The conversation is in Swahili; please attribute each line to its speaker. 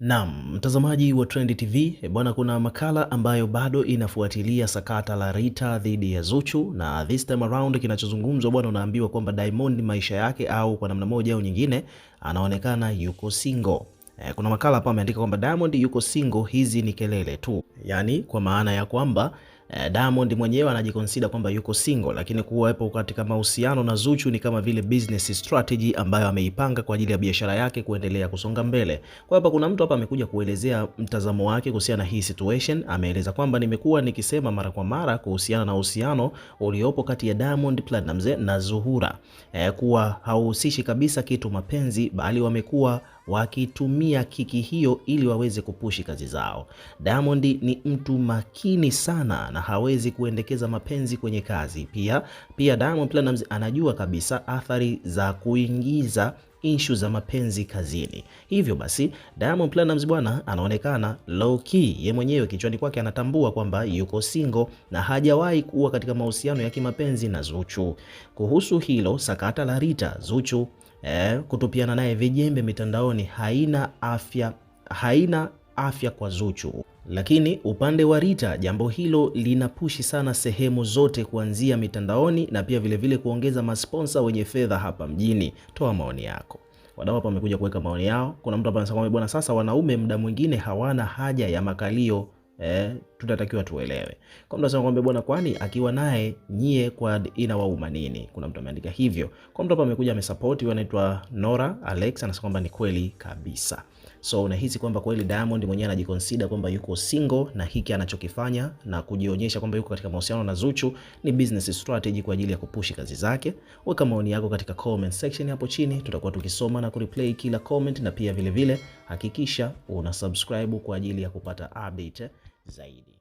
Speaker 1: Naam, mtazamaji wa Trend TV, eh, bwana, kuna makala ambayo bado inafuatilia sakata la Rita dhidi ya Zuchu, na this time around kinachozungumzwa bwana, unaambiwa kwamba Diamond maisha yake au kwa namna moja au nyingine anaonekana yuko single. E, kuna makala hapa ameandika kwamba Diamond yuko single, hizi ni kelele tu, yaani kwa maana ya kwamba eh, Diamond mwenyewe anajikonsida kwamba yuko single, lakini kuwepo katika mahusiano na Zuchu ni kama vile business strategy ambayo ameipanga kwa ajili ya biashara yake kuendelea kusonga mbele. Kwa hapa kuna mtu hapa amekuja kuelezea mtazamo wake kuhusiana na hii situation. Ameeleza kwamba nimekuwa nikisema mara kwa mara kuhusiana na uhusiano uliopo kati ya Diamond Platnumz na Zuhura eh, kuwa hauhusishi kabisa kitu mapenzi, bali wamekuwa wakitumia kiki hiyo ili waweze kupushi kazi zao. Diamond ni mtu makini sana na hawezi kuendekeza mapenzi kwenye kazi. Pia pia Diamond Platnumz anajua kabisa athari za kuingiza inshu za mapenzi kazini. Hivyo basi Diamond Platnumz bwana anaonekana low key, ye mwenyewe kichwani kwake anatambua kwamba yuko single na hajawahi kuwa katika mahusiano ya kimapenzi na Zuchu. Kuhusu hilo sakata la Rita Zuchu eh, kutupiana naye vijembe mitandaoni haina afya, haina afya kwa Zuchu. Lakini upande wa Rita jambo hilo linapushi sana sehemu zote kuanzia mitandaoni na pia vilevile vile kuongeza masponsa wenye fedha hapa mjini. Toa maoni yako. Wadau hapa wamekuja kuweka maoni yao. Kuna mtu hapa anasema bwana, sasa wanaume muda mwingine hawana haja ya makalio eh, tutatakiwa tuelewe. Kwa mtu anasema kwamba bwana, kwani akiwa naye nyie kwa inawauma nini? Kuna mtu ameandika hivyo. Kwa mtu hapa amekuja amesupport, anaitwa Nora Alex anasema kwamba ni kweli kabisa. So unahisi kwamba kweli Diamond mwenyewe anajikonsida kwamba yuko single na hiki anachokifanya na kujionyesha kwamba yuko katika mahusiano na Zuchu ni business strategy kwa ajili ya kupushi kazi zake. Weka maoni yako katika comment section hapo chini, tutakuwa tukisoma na kureplay kila comment, na pia vilevile vile, hakikisha una subscribe kwa ajili ya kupata update zaidi.